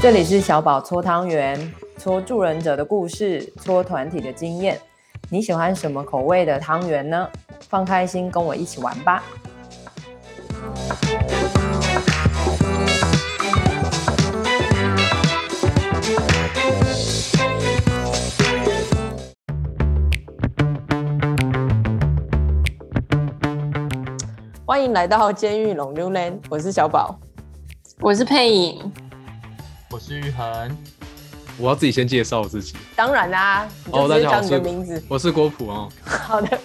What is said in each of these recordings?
這裡是小寶搓湯圓、搓助人者的故事、搓團體的經驗。你喜歡什麼口味的湯圓呢？放開心，跟我一起玩吧！歡迎來到監獄浪流漣，我是小寶，我是姵穎。我是郁恆，我要自己先介紹我自己。當然啦、啊，講你的名字哦。大家好，我是，我是郭溥哦、啊。好的，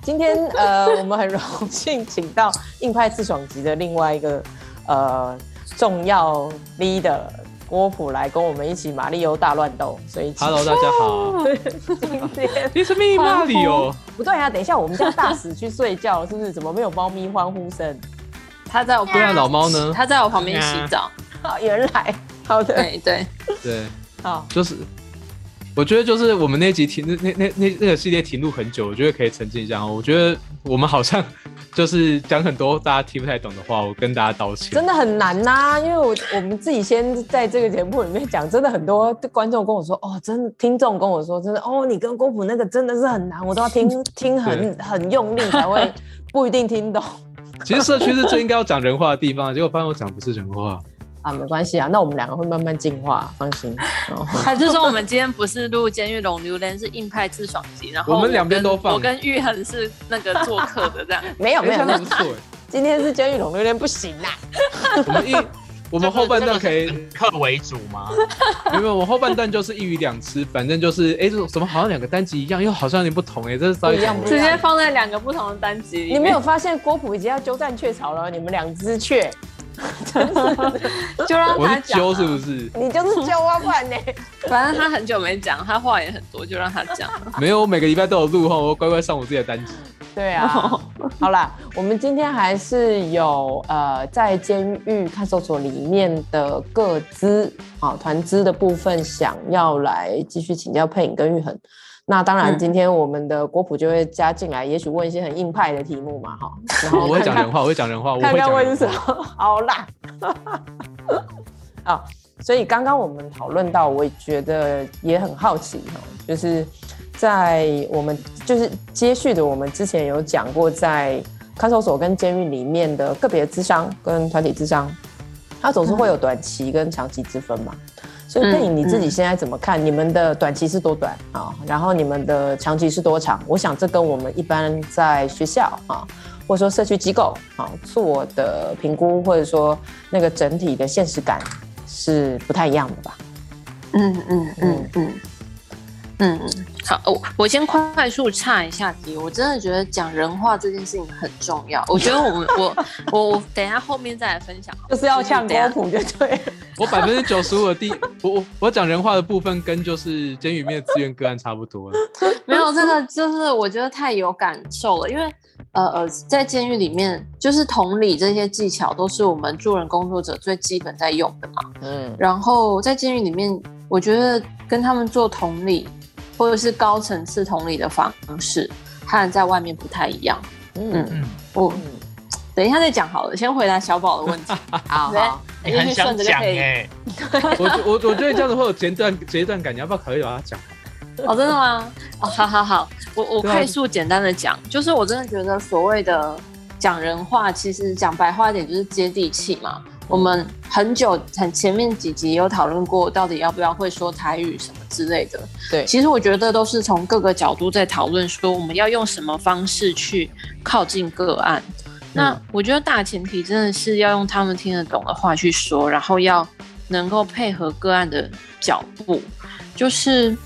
今天呃， 我們很榮幸請到硬派自爽級的另外一個呃重要 leader 郭溥來跟我們一起瑪利歐大亂鬥，所以 Hello 大家好， 今天你是秘密馬里歐。 不對呀、啊，等一下我們家大使去睡覺是不是？怎麼沒有貓咪歡呼聲？他在我旁邊，對啊，老貓呢？他在我旁邊洗澡，原來。好的，對對對，對對 好，就是我覺得就是我們那集停那那那那那個系列停錄很久，我覺得可以沉浸一下。我覺得我們好像就是講很多大家聽不太懂的話，我跟大家道歉。真的很難吶、啊，因為我我們自己先在這個節目裡面講，真的很多觀眾跟我說哦，真的聽眾跟我說，真的哦，你跟郭溥那個真的是很難，我都要聽聽很對很用力才會不一定聽懂。 其實社區是最應該要講人話的地方，結果反我講不是人話。啊，沒關係啊，那我們兩個會慢慢進化、啊，放心。還是說我們今天不是錄《監獄浪流漣是硬派自爽集，然後我，我們兩邊都放，我跟郁恆是那個做客的這樣。 沒有，沒有，不 今天是《監獄浪流漣不行啊。 我們一，我們後半段可以客為主嗎？因為 我後半段就是一魚兩吃，反正就是哎，這種什麼好像兩個單集一樣，又好像有點不同哎、欸，這是稍微一,一樣，直接放在兩個不同的單集。你沒有發現郭溥已經要鳩占鵲巢了？你們兩只鵲。 是就讓他講，揪是，是不是？你就是揪啊，不然呢？反正他很久沒講，他話也很多，就讓他講。 沒有，我每個禮拜都有錄哈，我乖乖上我自己的單集。對啊， 好啦，我們今天還是有呃，在監獄看守所裡面的各支啊團支的部分，想要來繼續請教姵穎跟郁恆。那當然，今天我們的郭溥就會加進來，也許問一些很硬派的題目嘛，哈。我會講人話，我會講人話，我會講人話。好啦。 所以剛剛我們討論到，我覺得也很好奇就是在我們就是接續的，我們之前有講過，在看守所跟監獄裡面的個別諮商跟團體諮商，它總是會有短期跟長期之分嘛。所以電影你自己現在怎麼看？嗯嗯、你們的短期是多短啊、哦？然後你們的長期是多長？我想這跟我們一般在學校啊、哦，或者說社區機構啊、哦、做的評估，或者說那個整體的現實感是不太一樣的吧？嗯嗯嗯嗯嗯嗯，嗯嗯嗯好，我我先快速岔一下題。我真的覺得講人話這件事情很重要。我覺得我們 我我，我等一下後面再來分享，就是要像科普，對、嗯。嗯 我百分之九十五的第我我我講人話的部分跟就是監獄裡面的資源個案差不多， 沒有這個就是我覺得太有感受了，因為呃呃在監獄裡面就是同理這些技巧都是我們助人工作者最基本在用的嘛，嗯，然後在監獄裡面我覺得跟他們做同理或者是高層次同理的方式和在外面不太一樣，嗯嗯我。嗯等一下再講好了，先回答小寶的問題。 好，好好你很想講哎、欸？我我我覺得這樣子會有截斷截斷感，你要不要考慮把它講好， oh, 真的嗎？哦、oh, oh, oh, oh，好好好，我我快速簡單的講，就是我真的覺得所謂的講人話，其實講白話一點就是接地氣嘛。嗯、我們很久很前面幾集有討論過，到底要不要會說台語什麼之類的。對，其實我覺得都是從各個角度在討論，說我們要用什麼方式去靠近個案。那我覺得大前提真的是要用他們聽得懂的話去說，然後要能夠配合個案的腳步。就是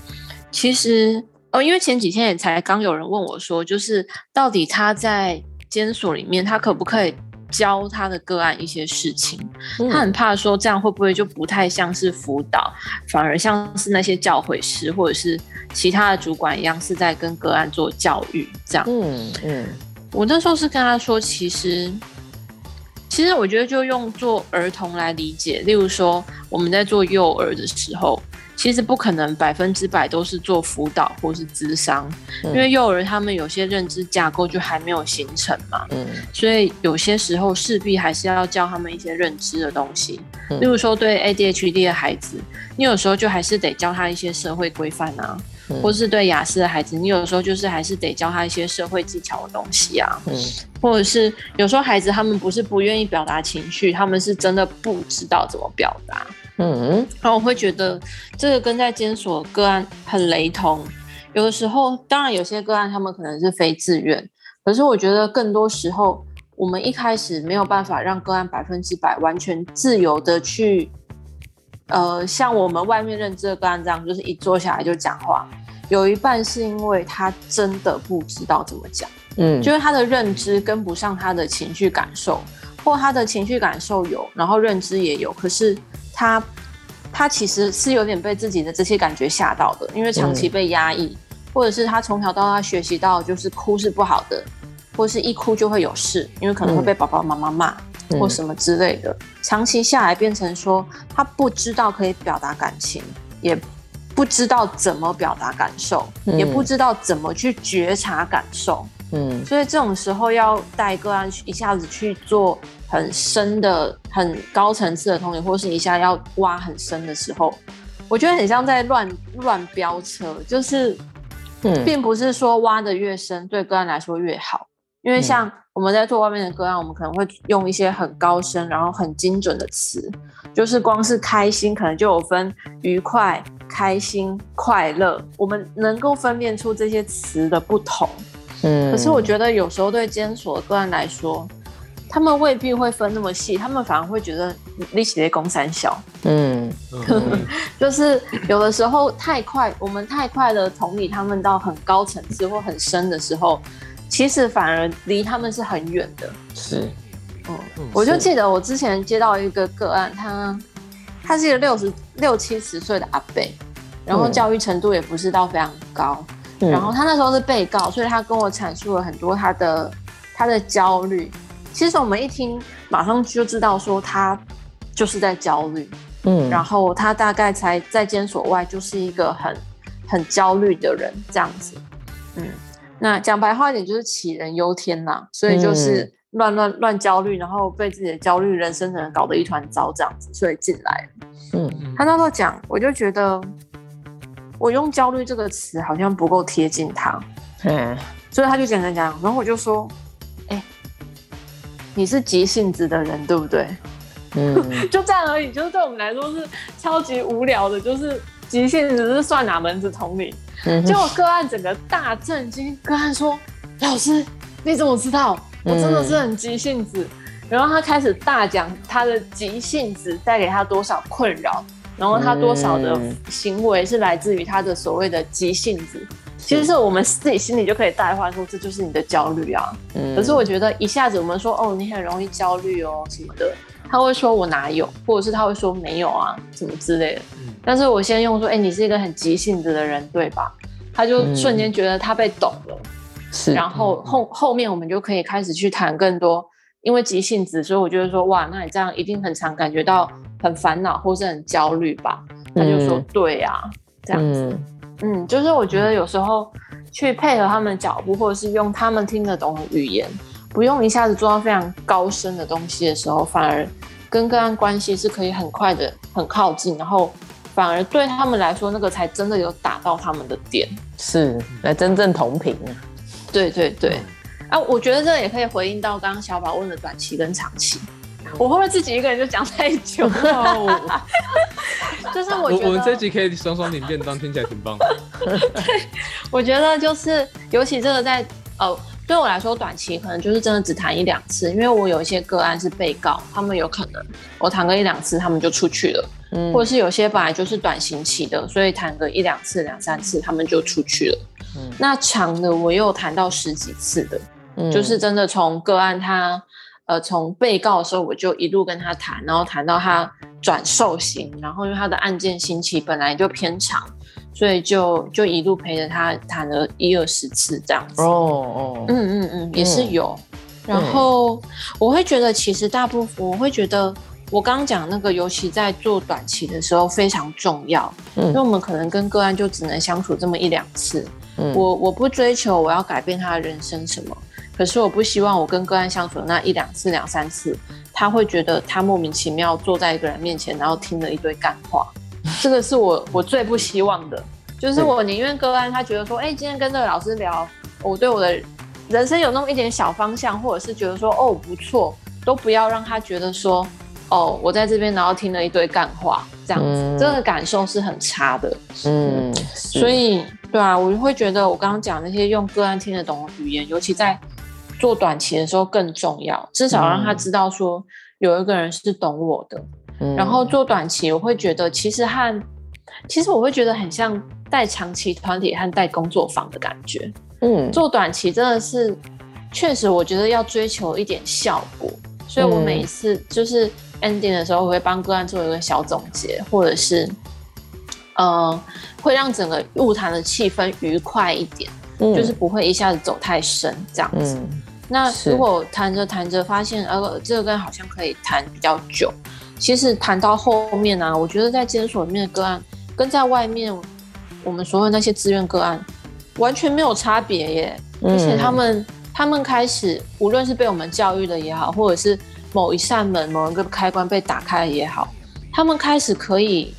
其實哦，因為前幾天也才剛有人問我說，就是到底他在監所裡面，他可不可以教他的個案一些事情？他很怕說這樣會不會就不太像是輔導，反而像是那些教誨師或者是其他的主管一樣，是在跟個案做教育這樣。嗯嗯。嗯我那時候是跟他說，其實，其實我覺得就用做兒童來理解。例如說，我們在做幼兒的時候，其實不可能百分之百都是做輔導或是諮商，因為幼兒他們有些認知架構就還沒有形成嘛。所以有些時候勢必還是要教他們一些認知的東西。例如說，對 ADHD 的孩子，你有時候就還是得教他一些社會規範啊。或是對亞斯的孩子，你有時候就是還是得教他一些社會技巧的東西啊。嗯。或者是有時候孩子他們不是不願意表達情緒，他們是真的不知道怎麼表達。嗯，然後我會覺得這個跟在監所個案很雷同。有的時候，當然有些個案他們可能是非自願，可是我覺得更多時候，我們一開始沒有辦法讓個案百分之百完全自由的去。呃，像我們外面認知的個案這樣，就是一坐下來就講話，有一半是因為他真的不知道怎麼講，嗯，就是他的認知跟不上他的情緒感受，或他的情緒感受有，然後認知也有，可是他他其實是有點被自己的這些感覺嚇到的，因為長期被壓抑，嗯、或者是他從小到大學習到就是哭是不好的，或者是一哭就會有事，因為可能會被爸爸媽媽罵。嗯或什麼之類的，嗯、長期下來變成說他不知道可以表達感情，也不知道怎麼表達感受，嗯、也不知道怎麼去覺察感受。嗯，所以這種時候要帶個案去一下子去做很深的、很高層次的東西，或是一下要挖很深的時候，我覺得很像在亂亂飆車，就是、嗯、並不是說挖得越深對個案來說越好，因為像。嗯我們在做外面的個案，我們可能會用一些很高深、然後很精準的詞，就是光是開心，可能就有分愉快、開心、快樂，我們能夠分辨出這些詞的不同。嗯，可是我覺得有時候對監所的個案來說，他們未必會分那麼細，他們反而會覺得力氣的公三小。嗯， 就是有的時候太快，我們太快的同理他們到很高層次或很深的時候。其實反而離他們是很遠的，是，嗯、是，我就記得我之前接到一個個案，他，他是一個六十六七十歲的阿伯，然後教育程度也不是到非常高，嗯、然後他那時候是被告，所以他跟我闡述了很多他的他的焦慮，其實我們一聽馬上就知道說他就是在焦慮，嗯，然後他大概才在監所外就是一個很很焦慮的人這樣子，嗯。那講白話一點就是杞人憂天啦，所以就是亂亂亂焦慮，嗯、然後被自己的焦慮人生的人搞得一團糟這樣子，所以進來了。嗯，他那時候講，我就覺得我用焦慮這個詞好像不夠貼近他，嗯，所以他就簡單講，然後我就說，哎、欸，你是急性子的人對不對？嗯， 就這樣而已，就是對我們來說是超級無聊的，就是急性子是算哪門子同理？結果個案整個大震驚，個案說：“嗯、哼老師，你怎麼知道？我真的是很急性子。”然後他開始大講他的急性子帶給他多少困擾，然後他多少的行為是來自於他的所謂的急性子。是其實是我們自己心裡就可以代換說，這就是你的焦慮啊。嗯。可是我覺得一下子我們說，哦，你很容易焦慮哦什麼的，他會說我哪有，或者是他會說沒有啊，什麼之類的。嗯、但是我先用說，哎、欸，你是一個很急性子的人，對吧？他就瞬間覺得他被懂了。是、嗯。然後後後面我們就可以開始去談更多，因為急性子，所以我就會說，哇，那你這樣一定很常感覺到很煩惱或是很焦慮吧？他就說對啊，嗯、這樣子。嗯嗯，就是我覺得有時候去配合他們的腳步，或者是用他們聽得懂的語言，不用一下子做到非常高深的東西的時候，反而跟個案關係是可以很快的很靠近，然後反而對他們來說，那個才真的有打到他們的點，是來真正同頻啊。對對對，啊，我覺得這也可以回應到剛剛小寶問的短期跟長期。我會不會自己一個人就講太久了？Oh. 就是我覺得， 我們這集可以雙雙領便當，聽起來挺棒的。 對，我覺得就是，尤其這個在呃，對我來說，短期可能就是真的只談一兩次，因為我有一些個案是被告，他們有可能我談個一兩次，他們就出去了。嗯，或者是有些本來就是短刑期的，所以談個一兩次、兩三次，他們就出去了。嗯，那長的，我又談到十幾次的，就是真的從個案他。呃，從被告的時候，我就一路跟他談，然後談到他轉受刑，然後因為他的案件刑期本來就偏長，所以就就一路陪着他談了一二十次這樣子。哦哦、oh. 嗯，嗯嗯嗯，也是有。嗯、然後我會覺得，其實大部分我會覺得，我剛剛講那個，尤其在做短期的時候非常重要，嗯、因為我們可能跟個案就只能相處這麼一兩次。嗯、我我不追求我要改變他的人生什麼。可是我不希望我跟個案相處的那一兩次、兩三次，他會覺得他莫名其妙坐在一個人面前，然後聽了一堆幹話，這個是我我最不希望的。就是我寧願個案他覺得說，哎、欸，今天跟這個老師聊，我對我的人生有那麼一點小方向，或者是覺得說，哦，不錯，都不要讓他覺得說，哦，我在這邊然後聽了一堆幹話，這樣子，這個感受是很差的。嗯，所以對啊，我會覺得我剛剛講那些用個案聽得懂的語言，尤其在。做短期的時候更重要，至少讓他知道說、嗯，有一個人是懂我的。嗯、然後做短期，我會覺得其實和其實我會覺得很像帶長期團體和帶工作坊的感覺。嗯，做短期真的是確實，我覺得要追求一點效果，所以我每一次就是 ending 的時候，我會幫個案做一個小總結，或者是嗯、呃，會讓整個晤談的氣氛愉快一點，嗯、就是不會一下子走太深這樣子。嗯那如果談着談着發現，是呃，這個好像可以談比較久。其實談到後面啊，我覺得在監所裡面的個案，跟在外面我們所有的那些自願個案完全沒有差別耶。嗯、而且他們，他們開始，無論是被我們教育的也好，或者是某一扇門、某一個開關被打開也好，他們開始可以。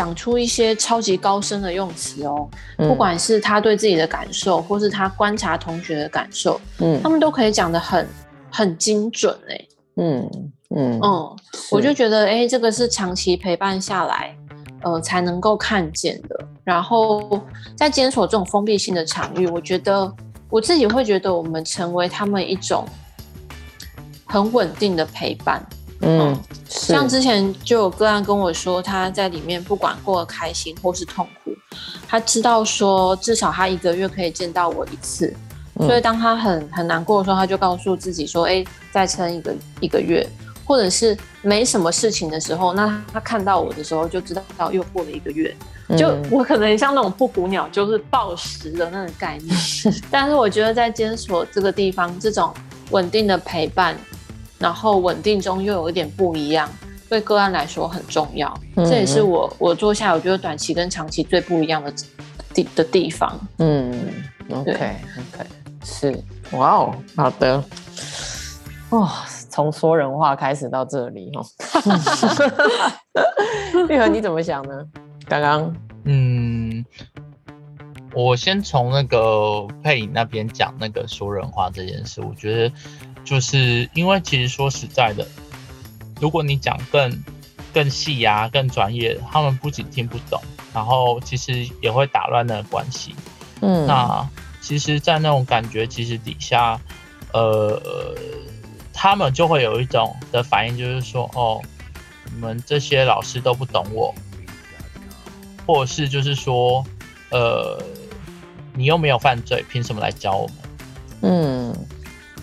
講出一些超級高深的用詞哦，嗯、不管是他對自己的感受，或是他觀察同學的感受，嗯，他們都可以講得很很精準，嗯、欸、嗯嗯，嗯嗯是我就覺得哎、欸，這個是長期陪伴下來，呃，才能夠看見的。然後在監所這種封閉性的場域，我覺得我自己會覺得，我們成為他們一種很穩定的陪伴。嗯，嗯像之前就有個案跟我說，他在裡面不管過得開心或是痛苦，他知道說至少他一個月可以見到我一次，所以當他很很難過的時候，他就告訴自己說：“哎、欸，再撐一個一個月，或者是沒什麼事情的時候，那他看到我的時候就知道又過了一個月。”就我可能像那種布穀鳥，就是報時的那種概念。但是我覺得在監所這個地方，這種穩定的陪伴。然後穩定中又有一點不一樣，對個案來說很重要。嗯、這也是我我坐下，我覺得短期跟長期最不一樣的地的，的地方。嗯對，OK OK，是，哇哦，好的，哇、哦，從說人話開始到這裡哦。郁 恆你怎麼想呢？剛剛，嗯，我先從那個姵穎那邊講那個說人話這件事，我覺得。就是因為其實說實在的，如果你講更更細呀，更專業，他們不僅聽不懂，然後其實也會打亂那個關係。嗯，那其實，在那種感覺其實底下，呃，他們就會有一種的反應，就是說，哦，你們這些老師都不懂我，或者是就是說，呃，你又沒有犯罪，憑什麼來教我們？嗯。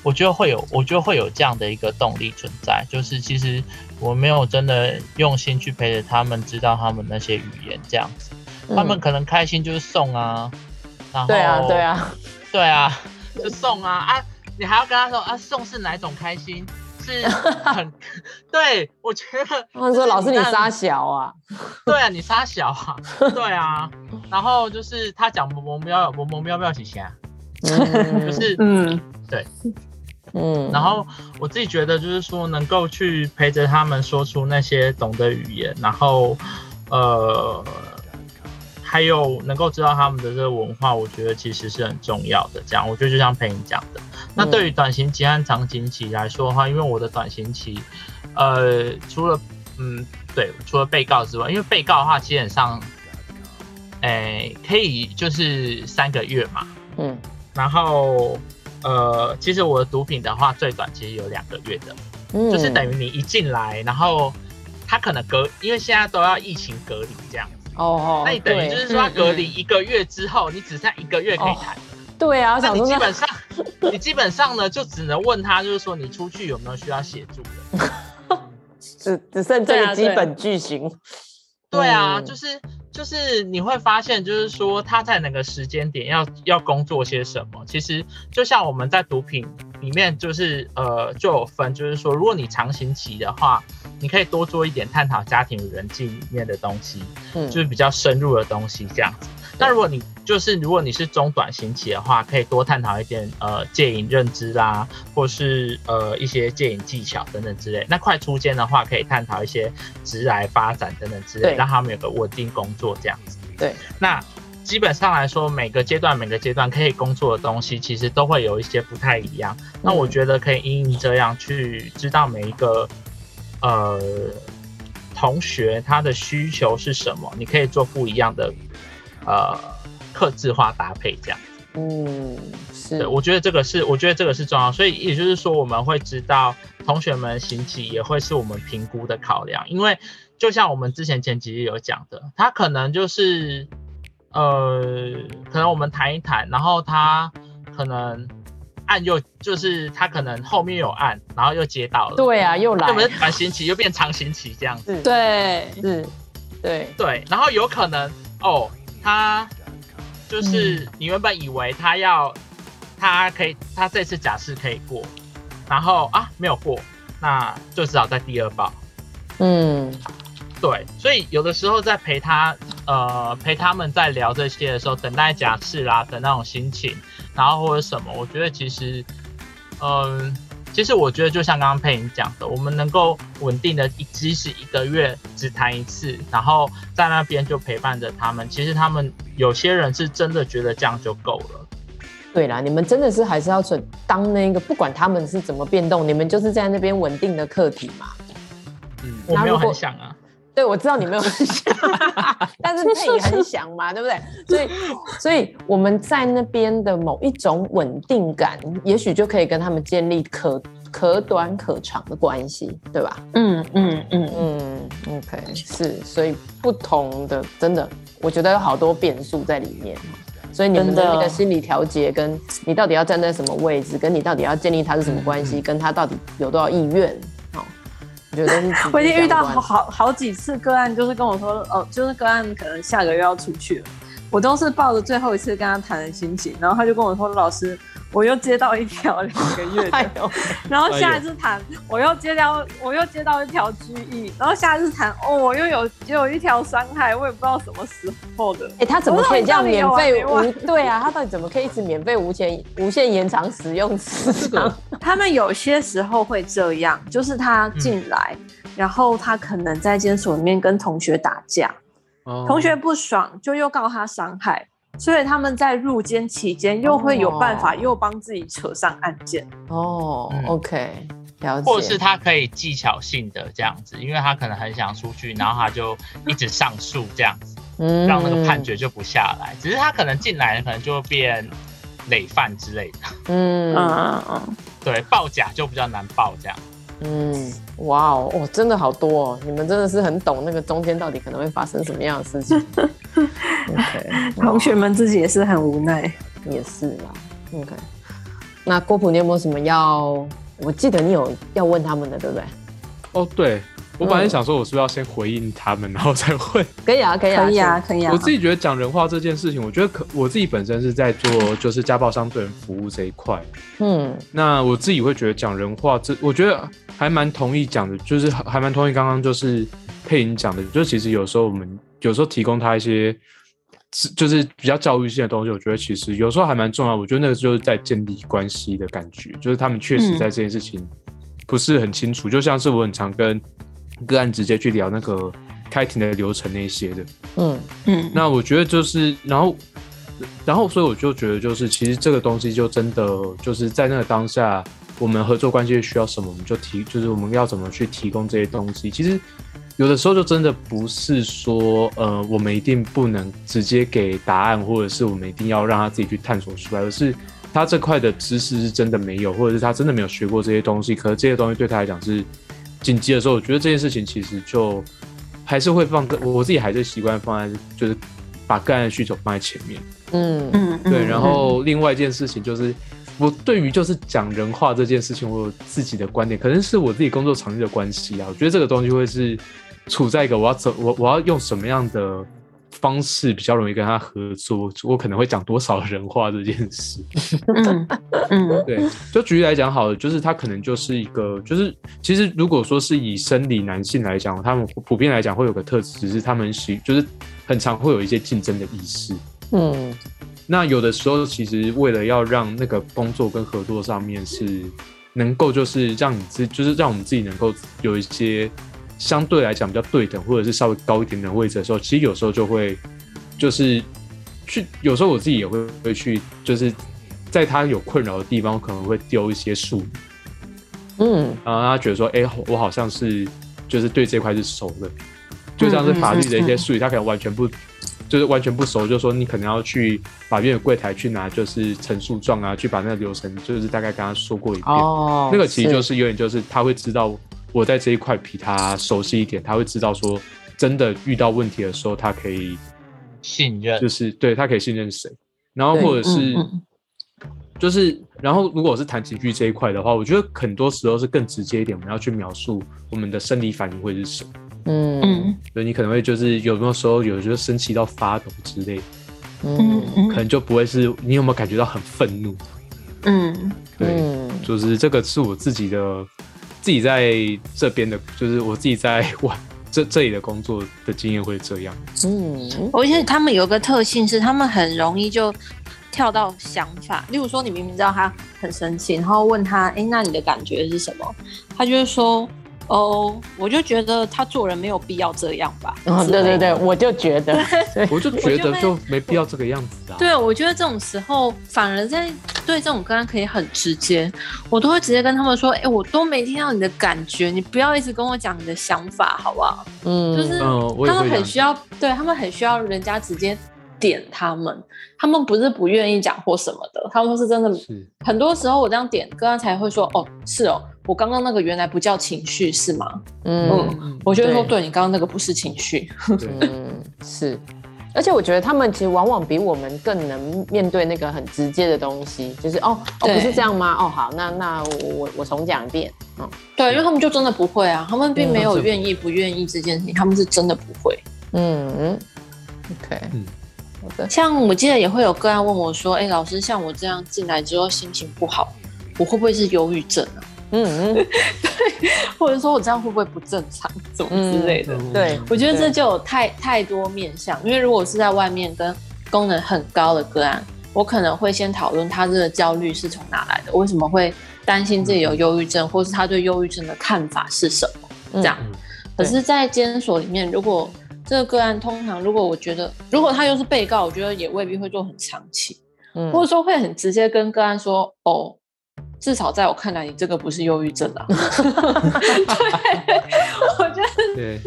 我覺得會有，我覺得會有這樣的一個動力存在，就是其實我沒有真的用心去陪着他們，知道他們那些語言這樣子，他們可能開心就是送啊，然後對啊對啊對啊，就送啊啊，你還要跟他說啊，送是哪種開心？是很，對，我覺得他說，老師你殺小啊？對啊你殺小啊？對啊，然後就是他講我們要不我們要不要洗錢？就是嗯對。嗯，然後我自己覺得就是說，能夠去陪着他們說出那些懂的語言，然後，呃，還有能夠知道他們的這個文化，我覺得其實是很重要的。這樣，我覺得就像姵穎講的。嗯、那對於短刑期和長刑期來說的話，因為我的短刑期，呃，除了嗯，對，除了被告之外，因為被告的話，基本上，哎，可以就是三個月嘛。嗯，然後。呃，其實我的毒品的話，最短其實有兩個月的，嗯、就是等於你一進來，然後他可能隔，因為現在都要疫情隔離這樣子，哦那、哦、你等於就是說他隔離一個月之後，嗯嗯，你只剩一個月可以談，哦、對啊，那你基本上，你基本上呢，就只能問他，就是說你出去有沒有需要協助的， 只只剩這個基本句型。對啊，就是就是你會發現，就是說他在那個時間點要要工作些什麼。其實就像我們在毒品裡面，就是呃，就有分，就是說如果你長刑期的話，你可以多做一點探討家庭與人際裡面的東西，嗯、就是比較深入的東西這樣子。嗯、那如果你就是如果你是中短刑期的話，可以多探討一點呃戒癮認知啦、啊，或是呃一些戒癮技巧等等之類。那快出監的話，可以探討一些職涯發展等等之類，對讓他們有個穩定工作這樣子。對，那基本上來說，每個階段每個階段可以工作的東西，其實都會有一些不太一樣。那我覺得可以因應這樣去知道每一個、嗯、呃同學他的需求是什麼，你可以做不一樣的呃。客製化搭配這樣，嗯，是對，我覺得這個是，我覺得這個是重要，所以也就是說，我們會知道同學們刑期也會是我們評估的考量，因為就像我們之前前幾日有講的，他可能就是，呃，可能我們談一談，然後他可能案又就是他可能後面有案，然後又接到了，對啊，又來，了，不是短 又變長刑期這樣子？對、嗯，對，對，對，然後有可能哦，他。就是你原本以為他要，他可以，他這次假釋可以過，然後啊沒有過，那就只好在第二報。嗯，對，所以有的時候在陪他，呃，陪他們在聊這些的時候，等待假釋啦，等那種心情，然後或者什麼，我覺得其實，嗯、呃。其實我覺得，就像剛剛姵穎講的，我們能夠穩定的，即使一個月只談一次，然後在那邊就陪伴着他們。其實他們有些人是真的覺得這樣就夠了。對啦，你們真的是還是要存當那個，不管他們是怎麼變動，你們就是在那邊穩定的客體嘛。嗯，我沒有很想啊。對，我知道你沒有很想， 但是你很想嘛， 對不對？所以，所以我們在那邊的某一種穩定感，也許就可以跟他們建立可可短可長的關係，對吧？嗯嗯嗯嗯，OK，是，所以不同的，真的，我覺得有好多變數在裡面，所以你們的那個心理調節，跟你到底要站在什麼位置，跟你到底要建立他是什麼關係，嗯、跟他到底有多少意願。 我已經遇到好好好，好幾次個案，就是跟我說哦，就是個案可能下個月要出去了，我都是抱着最後一次跟他談的心情，然後他就跟我說，老師。我又接到一條兩個月的，然後下一次談，我又接到我又接到一條拘役，然後下一次談，哦，我又有又有一條傷害，我也不知道什麼時候的。哎、欸，他怎麼可以這樣免費、啊、無對啊？他到底怎麼可以一直免費無限 無限延長使用時長？嗯、他們有些時候會這樣，就是他進來，嗯、然後他可能在監所裡面跟同學打架，哦、同學不爽就又告他傷害。所以他們在入監期間又會有辦法，又幫自己扯上案件哦。嗯、OK，了解。或者是他可以技巧性的這樣子，因為他可能很想出去，然後他就一直上訴這樣子，讓、 嗯、那個判決就不下來。只是他可能進來，可能就會變累犯之類的。嗯啊對，報假就比較難報這樣。嗯，哇哦，真的好多哦！你們真的是很懂那個中間到底可能會發生什麼樣的事情。 Okay, 同學們自己也是很無奈，也是啦。OK，那郭溥，你有沒有什麼要？我記得你有要問他們的，對不對？哦，對，嗯，我本來想說，我是不是要先回應他們，然後再問？可以啊，可以啊，可以啊，可以啊。我自己覺得講人話這件事情，我覺得可，我自己本身是在做就是家暴相對人服務這一塊。嗯，那我自己會覺得講人話，這我覺得還蠻同意講的，就是還蠻同意剛剛就是姵穎講的，就其實有時候我們有時候提供他一些。就是比較教育性的東西，我覺得其實有時候還蠻重要。我覺得那個就是在建立關係的感覺，就是他們確實在這件事情不是很清楚，就像是我很常跟個案直接去聊那個開庭的流程那些的。嗯嗯。那我覺得就是，然後，然後，所以我就覺得，就是其實這個東西就真的就是在那個當下，我們合作關係需要什麼，我們就提，就是我們要怎麼去提供這些東西，其實。有的時候就真的不是說，呃，我們一定不能直接給答案，或者是我們一定要讓他自己去探索出來，而是他這塊的知識是真的沒有，或者是他真的沒有學過這些東西。可是這些東西對他來講是緊急的時候，我覺得這件事情其實就還是會放在，我自己還是習慣放在，就是把個案的需求放在前面。嗯嗯，對。然後另外一件事情就是，我對於就是講人話這件事情，我有自己的觀點，可能是我自己工作場地的關係啊，我覺得這個東西會是，處在一個我要怎我我要用什麼樣的方式比較容易跟他合作？我可能會講多少人話這件事。嗯嗯，對，就舉例來講好了，就是他可能就是一個，就是其實如果說是以生理男性來講，他們普遍來講會有個特質，是他們很就是很常會有一些競爭的意識。嗯，那有的時候其實為了要讓那個工作跟合作上面是能夠就是讓你自就是讓我們自己能夠有一些。相對來講比較對等，或者是稍微高一點點的位置的時候，其實有時候就會，就是去有時候我自己也會會去，就是在他有困擾的地方，我可能會丟一些術語，嗯，然後讓他覺得說，哎、欸，我好像是就是對這塊是熟的，就像是法律的一些術語，嗯、哼哼他可能完全不就是完全不熟，就是說你可能要去法院的櫃檯去拿，就是陳述狀啊，去把那個流程就是大概跟他說過一遍，哦、那個其實就是有點就是他會知道。我在這一塊比他熟悉一點，他會知道說，真的遇到問題的時候他信任、就是，他可以信任，就是對他可以信任誰。然後或者是，嗯嗯、就是，然後如果我是談情緒這一塊的話，我覺得很多時候是更直接一點，我們要去描述我們的生理反應會是什麼。嗯嗯，所以你可能會就是有那時候有就生氣到發抖之類嗯嗯，嗯可能就不會是你有沒有感覺到很憤怒嗯？嗯，對，就是這個是我自己的。自己在這邊的，就是我自己在往這這裡的工作的經驗會這樣。嗯，我覺得他們有個特性是，他們很容易就跳到想法。例如說，你明明知道他很生氣，然後問他：“誒、欸，那你的感覺是什麼？”他就是說。哦，oh, 我就覺得他做人沒有必要這樣吧。嗯、oh,，對對對，我就覺得， 對我就覺得就沒必要這個樣子的、啊。對，我覺得這種時候反而在對這種個案可以很直接，我都會直接跟他們說：“哎、欸，我都沒聽到你的感覺，你不要一直跟我講你的想法，好不好？”嗯，就是、嗯、他們很需要，對他們很需要人家直接點他們，他們不是不願意講或什麼的，他們說是真的。是很多時候我這樣點個案才會說：“哦，是哦。”我剛剛那個原來不叫情緒是嗎？嗯，我覺得說對,對你剛剛那個不是情緒對、 嗯，是。而且我覺得他們其實往往比我們更能面對那個很直接的東西，就是哦,對哦，不是這樣嗎？哦，好，那那我我重講一遍。嗯，對，對因為他們就真的不會啊，他們並沒有願意不願意這件事情，嗯、他們是真的不會。嗯 okay 嗯，OK，嗯，像我記得也會有個案問我說，哎、欸，老師，像我這樣進來之後心情不好，我會不會是憂鬱症呢、啊？嗯，嗯 對，或者說我這樣會不會不正常怎麼之類的？嗯嗯嗯嗯嗯對，我覺得這就有太太多面向，對因為如果是在外面跟功能很高的個案，我可能會先討論他這個焦慮是從哪來的，為什麼會擔心自己有憂鬱症，嗯、或是他對憂鬱症的看法是什麼這樣。嗯嗯可是，在監所裡面，對如果這個個案通常，如果我覺得如果他又是被告，我覺得也未必會做很長期，嗯、或者說會很直接跟個案說哦。至少在我看來，你這個不是憂鬱症啊。 對，我就說，對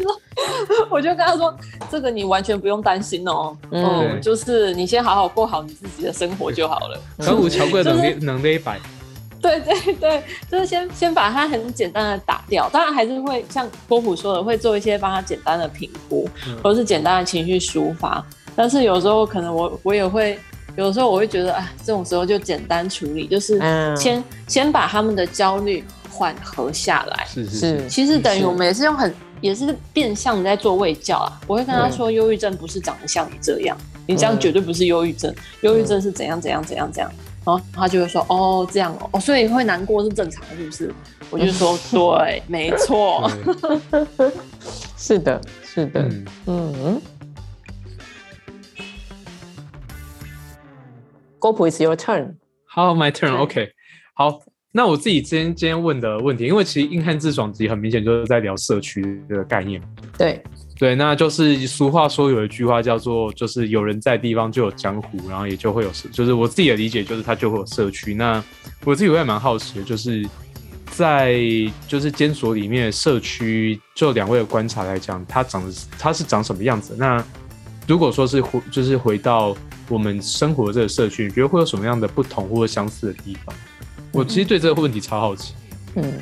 我就跟他說，這個你完全不用擔心哦。嗯，對嗯，就是你先好好過好你自己的生活就好了。小五喬貴能能力一百。對對對，就是先先把它很簡單的打掉，當然還是會像郭溥說的，會做一些幫他簡單的評估，或者是簡單的情緒抒發。但是有時候可能我我也會。有的時候我會覺得，哎，這種時候就簡單處理，就是先、嗯、先把他們的焦慮緩和下來。是，是是。其實等於我們也是用很，是是也是變相你在做衛教啊。我會跟他說，憂鬱、嗯、症不是長得像你這樣，你這樣絕對不是憂鬱症。憂鬱、嗯、症是怎樣怎樣怎樣怎樣。然後他就會說，哦，這樣哦，哦，所以會難過是正常，是不是？我就說，嗯、對， 沒錯錯， 是的，是的，嗯。嗯郭溥，It's your turn. How my turn? OK，對好，那我自己今天今天問的問題，因為其實硬派問答這集很明顯就是在聊社區的概念。對對，那就是俗話說有一句話叫做“就是有人在地方就有江湖”，然後也就會有，就是我自己的理解就是他就會有社區。那我自己我也蠻好奇，就是在就是監所裡面社區，就兩位的觀察來講，他長他是長什麼樣子？那如果說是回就是回到。我們生活的這個社區，你覺得會有什麼樣的不同，或者相似的地方？我其實對這個問題超好奇。嗯，嗯，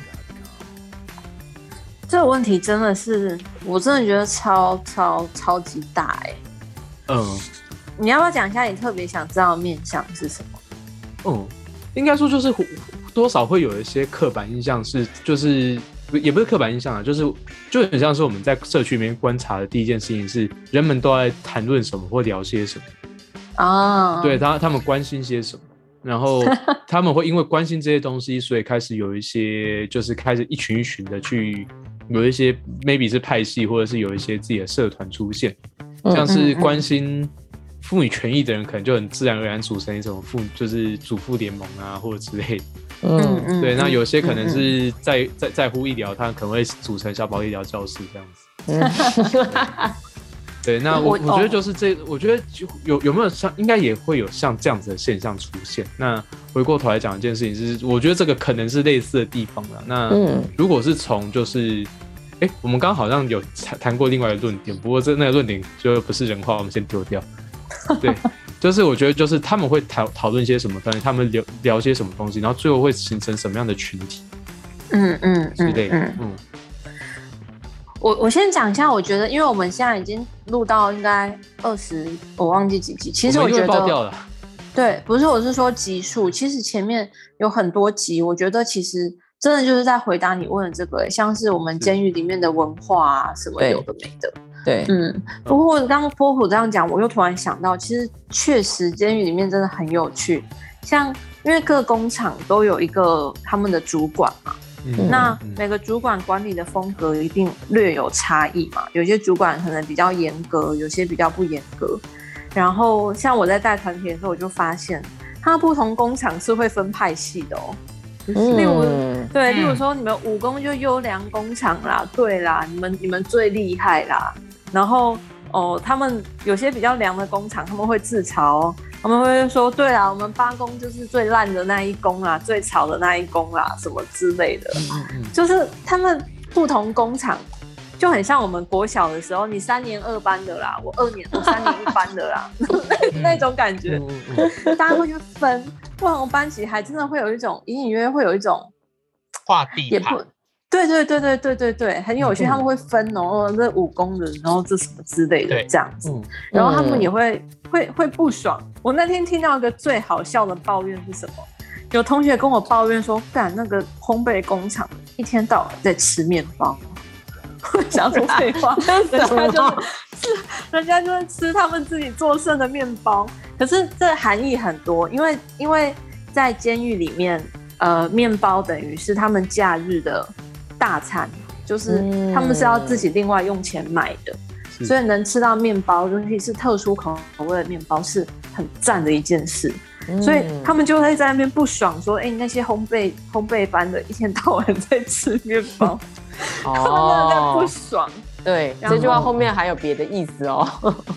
這個問題真的是，我真的覺得超超超級大欸。嗯，你要不要講一下你特別想知道面向是什麼？嗯，應該說就是多少會有一些刻板印象是，就是也不是刻板印象啊，就是就很像是我們在社區裡面觀察的第一件事情是人們都在談論什麼或聊些什麼。Oh. 對他，他們關心些什麼？然後他們會因為關心這些東西，所以開始有一些，就是開始一群一群的去，有一些 maybe 是派系，或者是有一些自己的社團出現。像是關心婦女權益的人，可能就很自然而然組成一種婦，就是主婦聯盟啊，或者之類的。嗯、oh. 對，那有些可能是在在在乎醫療，他可能會組成小寶醫療教室這樣子。哈哈、oh. 對，那我我覺得就是這個，我覺得有有沒有像，應該也會有像這樣子的現象出現。那回過頭來講一件事情，就是我覺得這個可能是類似的地方了。那如果是從就是，哎、欸，我們剛好像有談過另外一個論點，不過這那個論點就不是人話，我們先丟掉。對，就是我覺得就是他們會討討論些什麼東西，他們聊聊些什麼東西，然後最後會形成什麼樣的群體，之類的，嗯嗯嗯嗯嗯。我我先講一下，我覺得，因為我們現在已經錄到應該二十，我忘記幾集。其實我覺得，對，不是，我是說集數。其實前面有很多集，我覺得其實真的就是在回答你問的這個、欸，像是我們監獄裡面的文化啊是什麼都有的沒的。對，嗯。對不過剛剛波普這樣講，我又突然想到，其實確實監獄裡面真的很有趣，像因為各工廠都有一個他們的主管嘛。嗯、那每個主管管理的風格一定略有差異嘛。有些主管可能比較嚴格，有些比較不嚴格。然後像我在帶團體的時候，我就發現，他不同工廠是會分派系的哦、喔。就是、嗯。對，例如說你們武功就優良工廠啦，對啦，你們你們最厲害啦。然後哦、呃，他們有些比較涼的工廠，他們會自嘲。我們會說：“對啊，我們八工就是最爛的那一工啊，最吵的那一工啊，什麼之類的， 就是他們不同工廠就很像我們國小的時候，你三年二班的啦，我二年 我三年一班的啦， 那，那種感覺，然 會就分，不然班級還真的會有一種隱隱約約會有一種畫地盤。”對對對對對對對，很有趣。嗯、他們會分哦，哦，這武功的，然後這什麼之類的，對這樣子。嗯、然後他們也會會會不爽。我那天聽到一個最好笑的抱怨是什麼？有同學跟我抱怨說：“幹那個烘焙工廠一天到晚在吃面包。 就是”會講什麼廢話？人家就是人家就是吃他們自己做剩的面包。可是這含義很多，因為因為在監獄裡面，呃，麵包等於是他們假日的。大餐就是他們是要自己另外用錢買的，嗯、所以能吃到麵包，尤其是特殊口味的麵包，是很讚的一件事。嗯、所以他們就會在那邊不爽，說：“哎、欸，那些烘焙烘焙班的一天到晚在吃麵包，哦、他們就不爽。”對，這句話後面還有別的意思哦。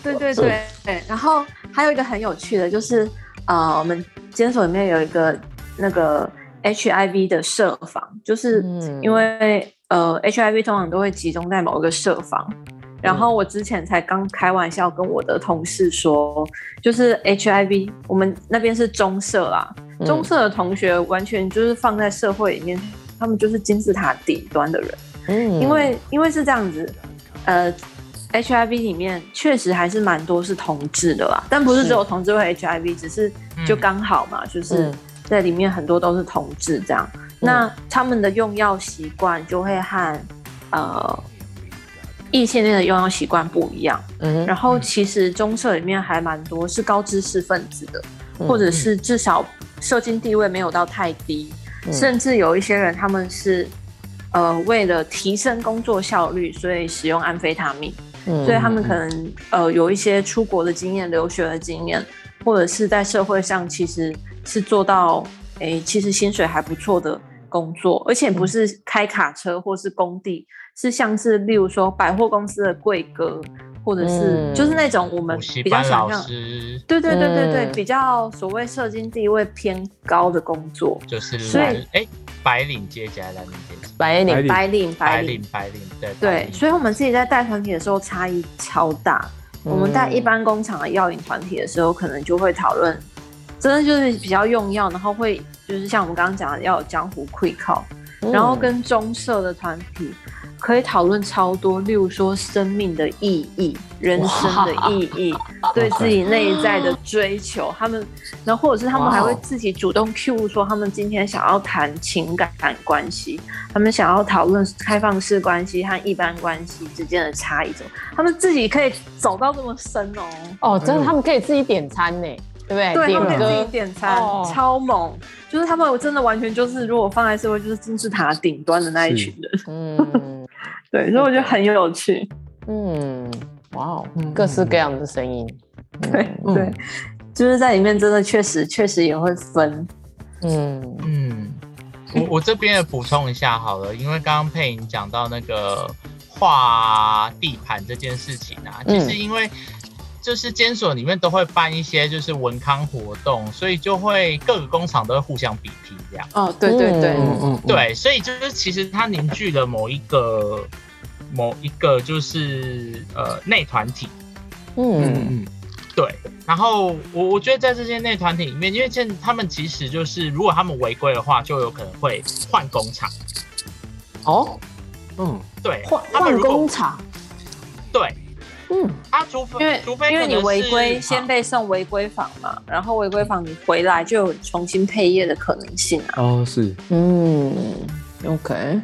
對對對對，然後還有一個很有趣的就是，呃，我們監所裡面有一個那個 HIV 的舍房。就是因為、嗯、呃，H I V 通常都會集中在某一個社房，嗯、然後我之前才剛開玩笑跟我的同事說，就是 H I V 我們那邊是中社啦，中社、嗯、的同學完全就是放在社會裡面，他們就是金字塔頂端的人，嗯，因為因為是這樣子，呃，H I V 裡面確實還是蠻多是同志的啦，但不是只有同志會 H I V，是只是就剛好嘛，嗯、就是在裡面很多都是同志這樣。那他們的用藥習慣就會和，呃，異性戀的用藥習慣不一樣。嗯，然後其實中社裡面還蠻多是高知識分子的，嗯嗯、或者是至少社經地位沒有到太低，嗯、甚至有一些人他們是，呃，為了提升工作效率，所以使用安非他命。嗯，所以他們可能、嗯嗯、呃有一些出國的經驗、留學的經驗，或者是在社會上其實是做到，哎、欸，其實薪水還不錯的。工作，而且不是開卡車或是工地，是像是例如說百貨公司的櫃哥，或者是就是那種我們比較想象，對對對對對，比較所謂社經地位偏高的工作，就是所以哎，白領接起來白領，白領白領白領白領，對對，所以我們自己在帶團體的時候差異超大，我們帶一般工廠的藥癮團體的時候，可能就會討論。真的就是比較用藥，然後會就是像我們剛剛講的，要有江湖氣口，嗯、然後跟中社的團體可以討論超多，例如說生命的意義、人生的意義、哇對自己內在的追求。哇他們，然後或者是他們還會自己主動 Q 說，他們今天想要談情感關係，他們想要討論開放式關係和一般關係之間的差異。他們自己可以走到這麼深哦。哦，真的，他們可以自己點餐呢、欸。對不對，對歌他們可點餐，哦、超猛！就是他們真的完全就是，如果放在社會，就是金字塔頂端的那一群人。嗯，對，所以我覺得很有趣。嗯，哇哦，嗯、各式各樣的聲音。對、嗯、對，對嗯、就是在裡面真的確實確實也會分。嗯嗯，嗯我我這邊也補充一下好了，因為剛剛姵穎講到那個畫地盤這件事情啊，嗯、其實因為。就是監所裡面都會辦一些就是文康活動，所以就會各個工廠都會互相比拼這樣。哦，對對對，嗯嗯對，嗯，所以就是其實它凝聚了某一個某一個就是呃內團體。嗯嗯嗯，對。然後我我覺得在這些內團體裡面，因為現在他們其實就是如果他們違規的話，就有可能會換工廠。哦，嗯，對，換換工廠，對。嗯，啊，除非因為除非因為你違規，先被送違規房嘛，啊、然後違規房你回來就有重新配業的可能性啊。哦，是，嗯，Okay。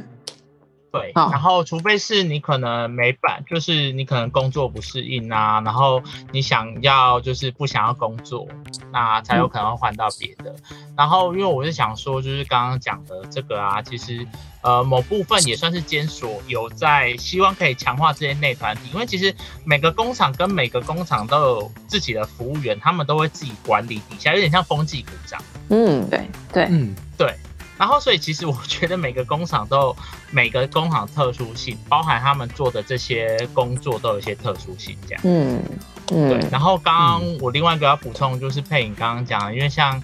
對，oh. 然後除非是你可能沒辦，就是你可能工作不適應啊，然後你想要就是不想要工作，那才有可能會換到別的。嗯、然後因為我是想說，就是剛剛講的這個啊，其實呃某部分也算是監所有在希望可以強化這些內團體，因為其實每個工廠跟每個工廠都有自己的服務員，他們都會自己管理底下，有點像封建古長。嗯，對對，嗯對。然後，所以其實我覺得每個工廠都有，每個工廠特殊性，包含他們做的這些工作都有一些特殊性，這樣。嗯嗯。嗯對。然後，剛剛我另外一個要補充，就是姵穎剛剛講的，嗯、因為像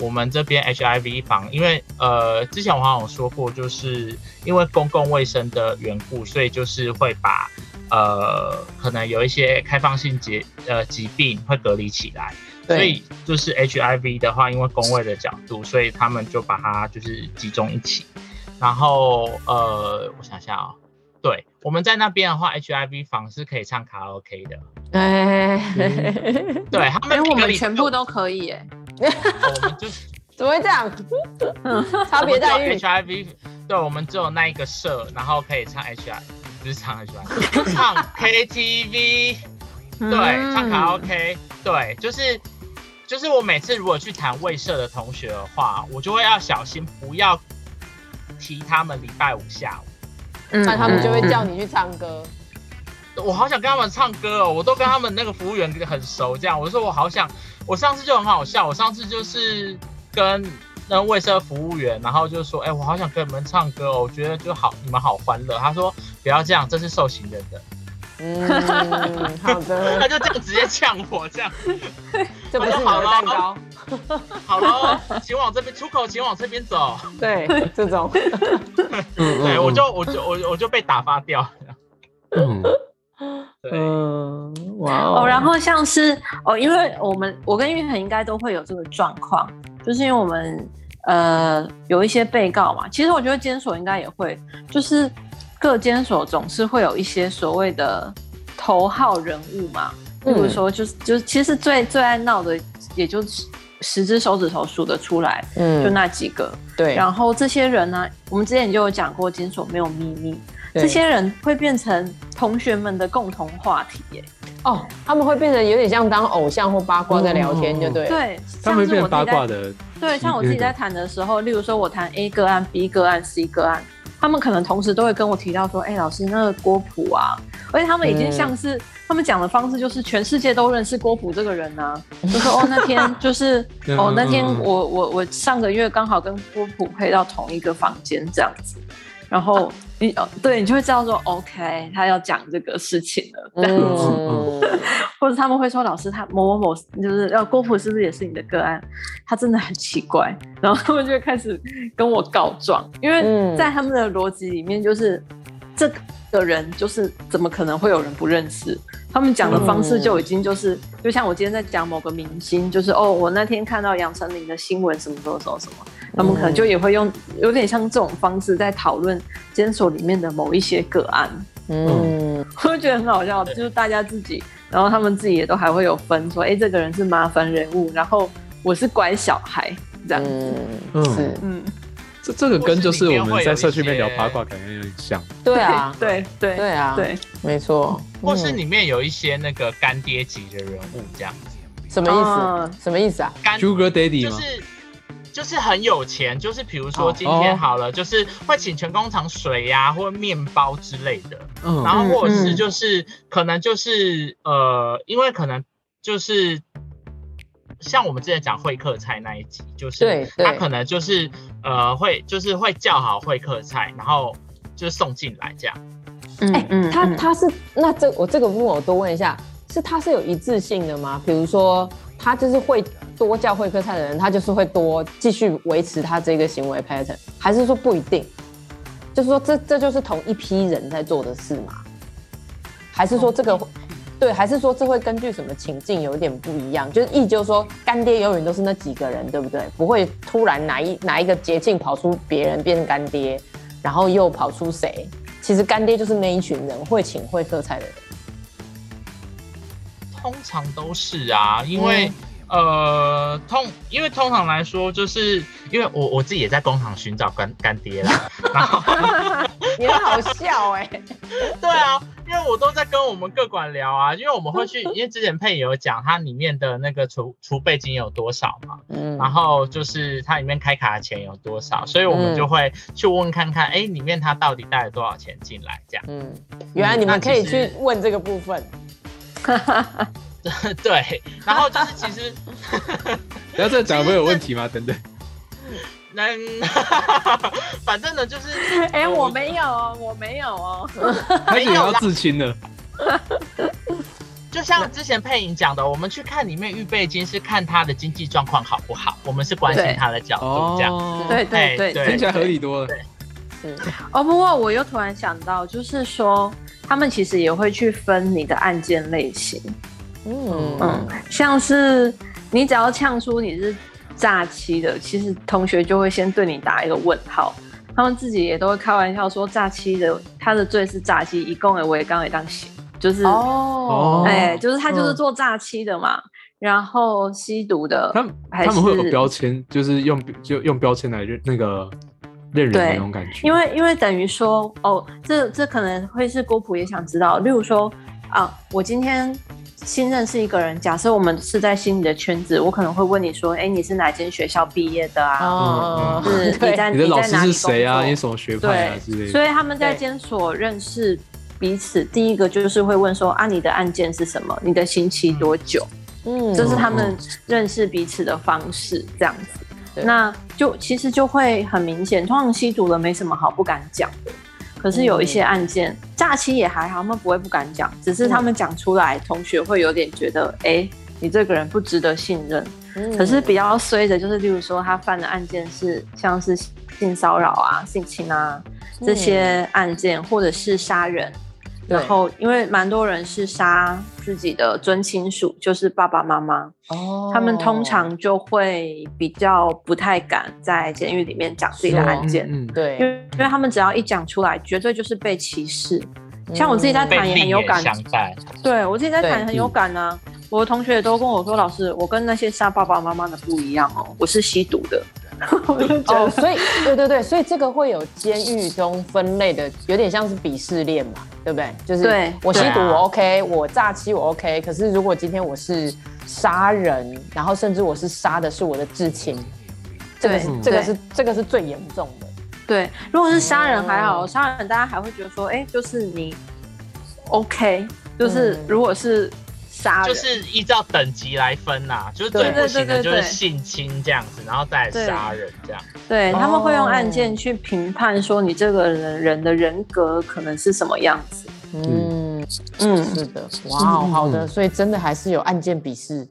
我們這邊 HIV 房，因為呃，之前我好像有說過，就是因為公共衛生的緣故，所以就是會把呃，可能有一些開放性結呃疾病會隔離起來。對所以就是 HIV 的話，因為公衛的角度，所以他們就把它就是集中一起。然後呃，我想想啊，哦，對，我們在那邊的話，HIV 房是可以唱卡拉 OK 的。對，對、欸，他們，我們全部都可以耶，欸。我們就怎麼會這樣？差別待遇 HIV，對，我們只有那一個社，然後可以唱 HIV，不是唱 HIV， 唱 KTV，對，嗯，唱卡拉 OK，對，就是。就是我每次如果去談衛社的同學的話，我就會要小心，不要提他們禮拜五下午，嗯嗯，那他們就會叫你去唱歌。我好想跟他們唱歌哦，我都跟他們那個服務員很熟，這樣我說我好想，我上次就很好笑，我上次就是跟那個衛社服務員，然後就說，哎、欸，我好想跟你們唱歌哦，我覺得就好，你們好歡樂。他說不要這樣，這是受刑人的。嗯，好的， 他就這樣直接嗆我這樣，這不蛋糕 就好了，啊，好了，啊，請往這邊出口，請往這邊走。對，這種， 對，我就我就我我就被打發掉。嗯，對嗯哇哦，哦，然後像是哦，因為我們我跟郁恆應該都會有這個狀況，就是因為我們呃有一些被告嘛，其實我覺得監所應該也會，就是。各監所總是會有一些所謂的頭號人物嘛，嗯、例如說就是就是，其實最最愛鬧的，也就十隻手指頭數得出來，嗯，就那幾個。對，然後這些人呢、啊，我們之前就有講過，監所沒有秘密，對這些人會變成同學們的共同話題耶、欸。哦，他們會變成有點像當偶像或八卦在聊天，就對。嗯、對，他們會變成八卦的。對，像我自己在談的時候，例如說我談 A 個案、B 個案、C 個案。他們可能同時都會跟我提到說：“哎、欸，老師，那個郭溥啊，而且他們已經像是、欸、他們講的方式，就是全世界都認識郭溥這個人啊就說、是：“哦，那天 就是，哦，那天我我我上個月剛好跟郭溥配到同一個房間，這樣子。”然後你哦，對，你就會知道說，OK，他要講這個事情了。這樣子。嗯，或者他們會說，老師，他某某某，就是要郭溥是不是也是你的個案？他真的很奇怪。然後他們就會開始跟我告狀，因為在他們的邏輯裡面就是，嗯，這個。的人就是怎麼可能會有人不認識？他們講的方式就已經就是，嗯、就像我今天在講某個明星，就是哦，我那天看到楊丞琳的新聞，什麼什麼什麼什麼，他們可能就也會用有點像這種方式在討論監所裡面的某一些個案。嗯，嗯，我覺得很好笑，就是大家自己，然後他們自己也都還會有分說，說、欸、哎，這個人是麻煩人物，然後我是乖小孩，這樣子嗯。嗯嗯。這這個跟就是我們在社區裡面聊八卦，感覺有點像。一對啊，對對對，對啊，對，沒錯。或是裡面有一些那個乾爹級的人物這樣子。嗯、什麼意思？呃、什麼意思啊？朱哥就是就是很有錢，就是比如說今天好了，哦哦、就是會請全工廠水呀、啊，或面包之類的。嗯。然後，或是就是、嗯、可能就是呃，因為可能就是。像我們之前講會客菜那一集，就是他可能就是呃會就是會叫好會客菜，然後就是送進來這樣。嗯嗯嗯欸，他他是那這我這個問我多問一下，是他是有一致性的嗎？比如說他就是會多叫會客菜的人，他就是會多繼續維持他這個行為 pattern，還是說不一定？就是說這這就是同一批人在做的事嗎？還是說這個會？Okay. 對，還是說這會根據什麼情境有一點不一樣？就是意就是說乾爹永遠都是那幾個人，對不對？不會突然哪一哪一個捷徑跑出別人變乾爹，然後又跑出誰？其實乾爹就是那一群人會請會客菜的人，通常都是啊，因為、哦、呃通因為通常來說就是因為我我自己也在工廠尋找乾乾爹啦， 然後你很好笑哎、欸， 對啊。因為我都在跟我們各管聊啊，因為我們會去，因為之前姵穎有講他裡面的那個儲儲備金有多少嘛，嗯，然後就是他裡面開卡的錢有多少，所以我們就會去問看看，哎、嗯欸，裡面他到底帶了多少錢進來這樣，嗯，原來、嗯、你們可以去問這個部分， 對，然後就是其實，然後再講有沒有問題嗎？等等。 那，反正呢就是，哎，我沒有，哦，我沒有哦，沒有他也要自清的，就像之前姵穎講的，我們去看裡面預備金是看他的經濟狀況好不好，我們是關心他的角度這樣。對對對，聽起來合理多了。對。哦，不過我又突然想到，就是說他們其實也會去分你的案件類型，嗯嗯，像是你只要嗆出你是。詐欺的，其實同學就會先對你打一個問號，他們自己也都會開玩笑說詐欺的，他的罪是詐欺，一共也五剛也當刑，就是哦，哎、欸，就是他就是做詐欺的嘛，嗯、然後吸毒的，他們他們會有標籤，是就是用就用標籤來認那個認人那種感覺，因為因為等於說哦，這這可能會是郭溥也想知道，例如說啊，我今天。新認識一個人，假設我們是在新的圈子，我可能會問你說，哎、欸，你是哪間學校畢業的啊？嗯，你的老師是誰啊？你什麼學派啊？之類對。是是所以他們在監所認識彼此，對第一個就是會問說，啊，你的案件是什麼？你的刑期多久？嗯，這是他們認識彼此的方式，這樣子。那就其實就會很明顯，通常吸毒的沒什麼好不敢講的。可是有一些案件，嗯、假期也還好，他們不會不敢講，只是他們講出來，嗯、同學會有點覺得，哎、欸，你這個人不值得信任。嗯、可是比較衰的就是，例如說他犯的案件是像是性騷擾啊、性侵啊這些案件，嗯、或者是殺人。然後，因為蠻多人是殺自己的尊親屬，就是爸爸媽媽。哦，oh. 他們通常就會比較不太敢在監獄裡面講自己的案件。嗯，對，因為他們只要一講出來，絕對就是被歧視。Mm. 像我自己在談也很有感。對我自己在談很有感啊！我的同學也都跟我我說，mm. 老師，我跟那些殺爸爸媽媽的不一樣哦，我是吸毒的。哦， 覺 oh, 所以對對對，所以這個會有監獄中分類的，有點像是鄙視鏈嘛，對不對？就是我吸毒我 OK、啊、我詐欺我 OK，可是如果今天我是殺人，然後甚至我是殺的是我的至親，這個是對這個是、嗯、這個是最嚴重的。對，如果是殺人還好，殺人大家還會覺得說，哎，就是你 OK，就是如果是。嗯就是依照等級來分啦，啊，就是最不行的就是性侵這樣子，對對對對，然後再殺人這樣子。對。對，他們會用案件去評判說你這個人、oh. 人的人格可能是什麼樣子。嗯嗯，是的，嗯，是的哇，哦，好的，所以真的還是有案件鄙視。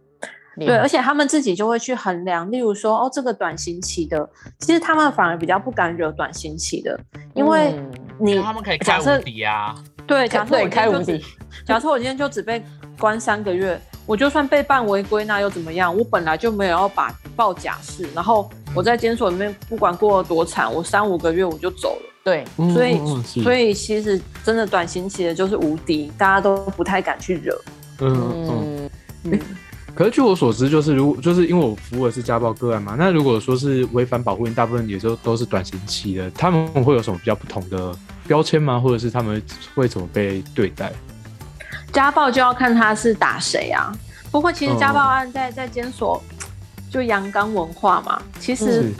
對，而且他們自己就會去衡量，例如說，哦，這個短刑期的，其實他們反而比較不敢惹短刑期的，因為你因為他們可以蓋無敵啊。對，假設我就可不可以開無敵。 假設我今天就只被關三個月，我就算被辦違規，那又怎麼樣？我本來就沒有要把報假釋，然後我在監所裡面不管過了多慘，我三五個月我就走了。對，嗯、所以是所以其實真的短刑期的就是無敵，大家都不太敢去惹。嗯嗯。嗯嗯可是據我所知，就是如果就是因為我服務的是家暴個案嘛，那如果說是違反保護令，大部分也都都是短刑期的，他們會有什麼比較不同的？標籤嗎？或者是他們會怎麼被對待？家暴就要看他是打誰啊。不過其實家暴案在、哦、在監所，就陽剛文化嘛，其實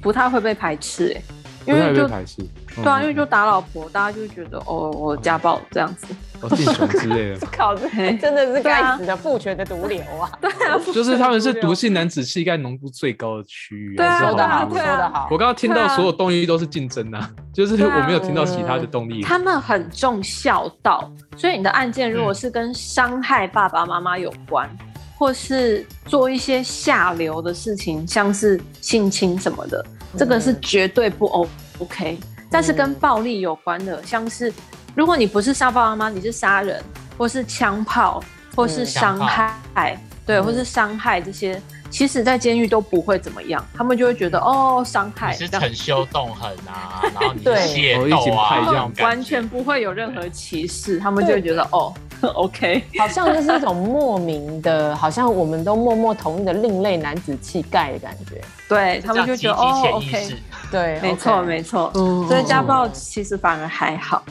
不太會被排斥、欸嗯、因為就不太會被排斥。對啊，因為就打老婆，大家就覺得哦，我家暴這樣子，哦、之類的，搞這 真的是該死的、啊、父權的毒瘤啊！對啊，就是他們是毒性男子氣概濃度最高的區域對、啊。對啊，說的好、說的好。啊、我剛剛聽到所有動力都是競爭啊，啊就是我沒有聽到其他的動力、嗯。他們很重孝道，所以你的案件如果是跟傷害爸爸媽媽有關，嗯、或是做一些下流的事情，像是性侵什麼的，嗯、這個是絕對不、哦、OK。但是跟暴力有關的，嗯、像是如果你不是殺爸爸媽媽，你是殺人，或是槍炮，或是傷害，嗯、對，或是傷害這些。嗯其實，在監獄都不會怎麼樣，他們就會覺得哦，傷害是很羞動很啊，然後你械鬥啊，這樣感覺完全不會有任何歧視，他們就會覺得哦，OK，好像就是一種莫名的，好像我們都默默同意的另類男子氣概的感覺，對他們就覺得哦，OK，對，沒錯，沒錯，所以家暴其實反而還好，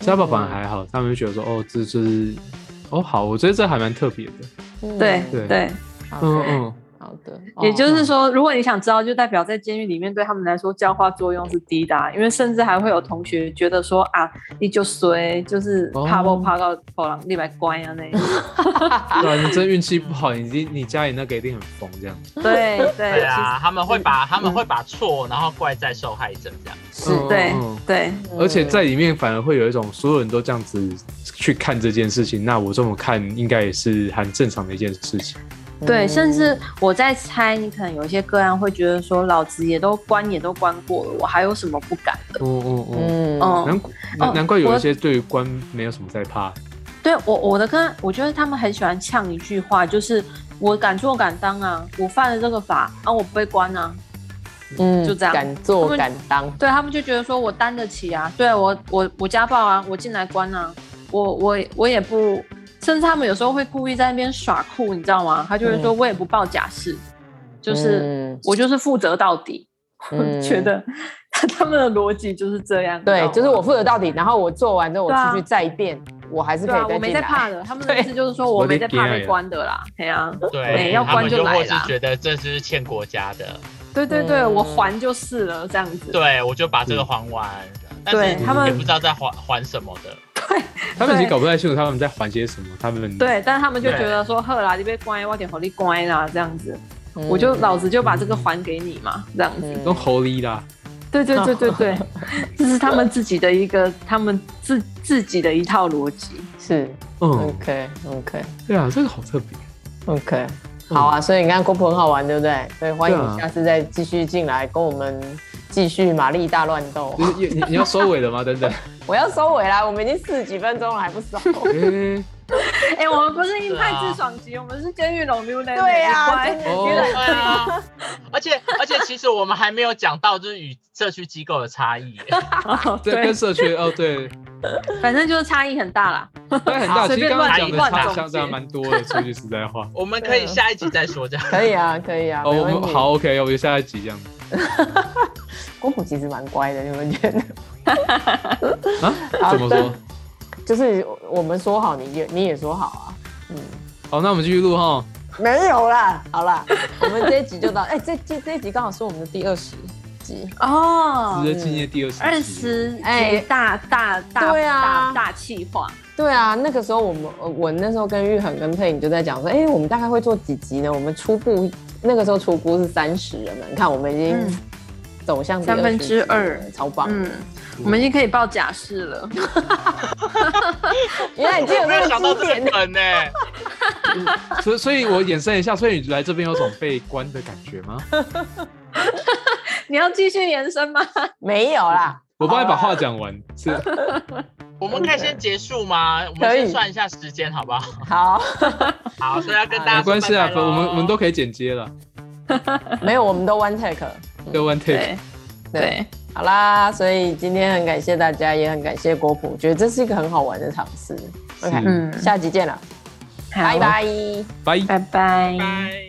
家暴反而還好，他們就覺得說哦，這這，哦好，我覺得這還蠻特別的，對對對，嗯嗯。好的，也就是說，如果你想知道，就代表在監獄裡面對他們來說，教化作用是低的，因為甚至還會有同學覺得說啊，你就隨，就是爬坡爬到走廊那邊乖啊那對，你真運氣不好，你你家裡那個一定很瘋這樣。對對對啊！他們會把他們會把錯，然後怪在受害者這樣。是，對對。而且在裡面反而會有一種所有人都這樣子去看這件事情，那我這麼看應該也是很正常的一件事情。對，甚至我在猜，你可能有一些個案會覺得說，老子也都關，也都關過了，我還有什麼不敢的？嗯嗯嗯，難怪難怪有一些對關沒有什麼在怕。啊、我對我我的跟，我覺得他們很喜歡嗆一句話，就是我敢做敢當啊，我犯了這個法啊，我不被關啊，嗯，就這樣敢做敢當，他對他們就覺得說我擔得起啊，對我我我家暴啊，我進來關啊，我我我也不。甚至他們有時候會故意在那邊耍酷，你知道嗎？他就是說我也不報假釋，就是我就是負責到底。我覺得他們的邏輯就是這樣，對，就是我負責到底，然後我做完之後我出去再變，我還是可以。我沒在怕的，他們的意思就是說我沒在怕被關的啦。對啊，對，要關就來啦。我是覺得這是欠國家的，對對對，我還就是了這樣子。對，我就把這個還完，但他們也不知道在還還什麼的。他們已經搞不太清楚他們在還些什麼，他們對，但他們就覺得說，赫拉這邊乖，我點狐狸乖啦，這樣子，我就老子就把這個還給你嘛，這樣子，用狐狸啦，對對對對對，這是他們自己的一個，他們自自己的一套邏輯，是，OK OK，對啊，這個好特別，OK，好啊，所以你看郭溥很好玩，對不對？所以歡迎你下次再繼續進來跟我們。繼續瑪麗大亂鬥？你你要收尾了嗎？等等，我要收尾啦，我們已經四十幾分鐘了還不收。哎，我們不是硬派自爽集，我們是監獄浪流漣。對呀，對啊，而且而且，其實我們還沒有講到，就是與社區機構的差異。對，跟社區，哦，對。反正就是差異很大啦。差異很大，其實剛剛講的差相差蠻多的。說句實在話，我們可以下一集再說這樣。可以啊，可以啊。哦，好，OK，我們就下一集這樣。郭溥 其實蠻乖的，你有，沒有覺得？啊？好怎麼說？就是我們說好，你也你也說好啊。嗯。好，那我們繼續錄哈。沒有啦，好啦， 我們這一集就到。哎、欸，這這這一集剛好是我們的第二十集哦，值得紀念第二十二十哎大大大、欸、對啊大企劃。對啊，那個時候我們呃，我那時候跟郁恆跟姵穎就在講說，哎，我們大概會做幾集呢？我們初步那個時候初步是三十人嘛，你看我們已經走向、嗯、三分之二，超棒，嗯，嗯我們已經可以報假釋了，嗯、 原來已經有這個 沒有想法了呢，所以所以，我延伸一下，所以你來這邊有種被關的感覺嗎？ 你要繼續延伸嗎？沒有啦，我幫你把話講完，啦是。我們可以先結束嗎？我們先算一下時間，好不好？好，好，所以要跟大家說沒關係啊，我們我們都可以剪接了，沒有，我們都 one take，都 one take，對，好啦，所以今天很感謝大家，也很感謝郭溥，覺得這是一個很好玩的嘗試。OK，下集見了，拜拜，拜拜拜拜。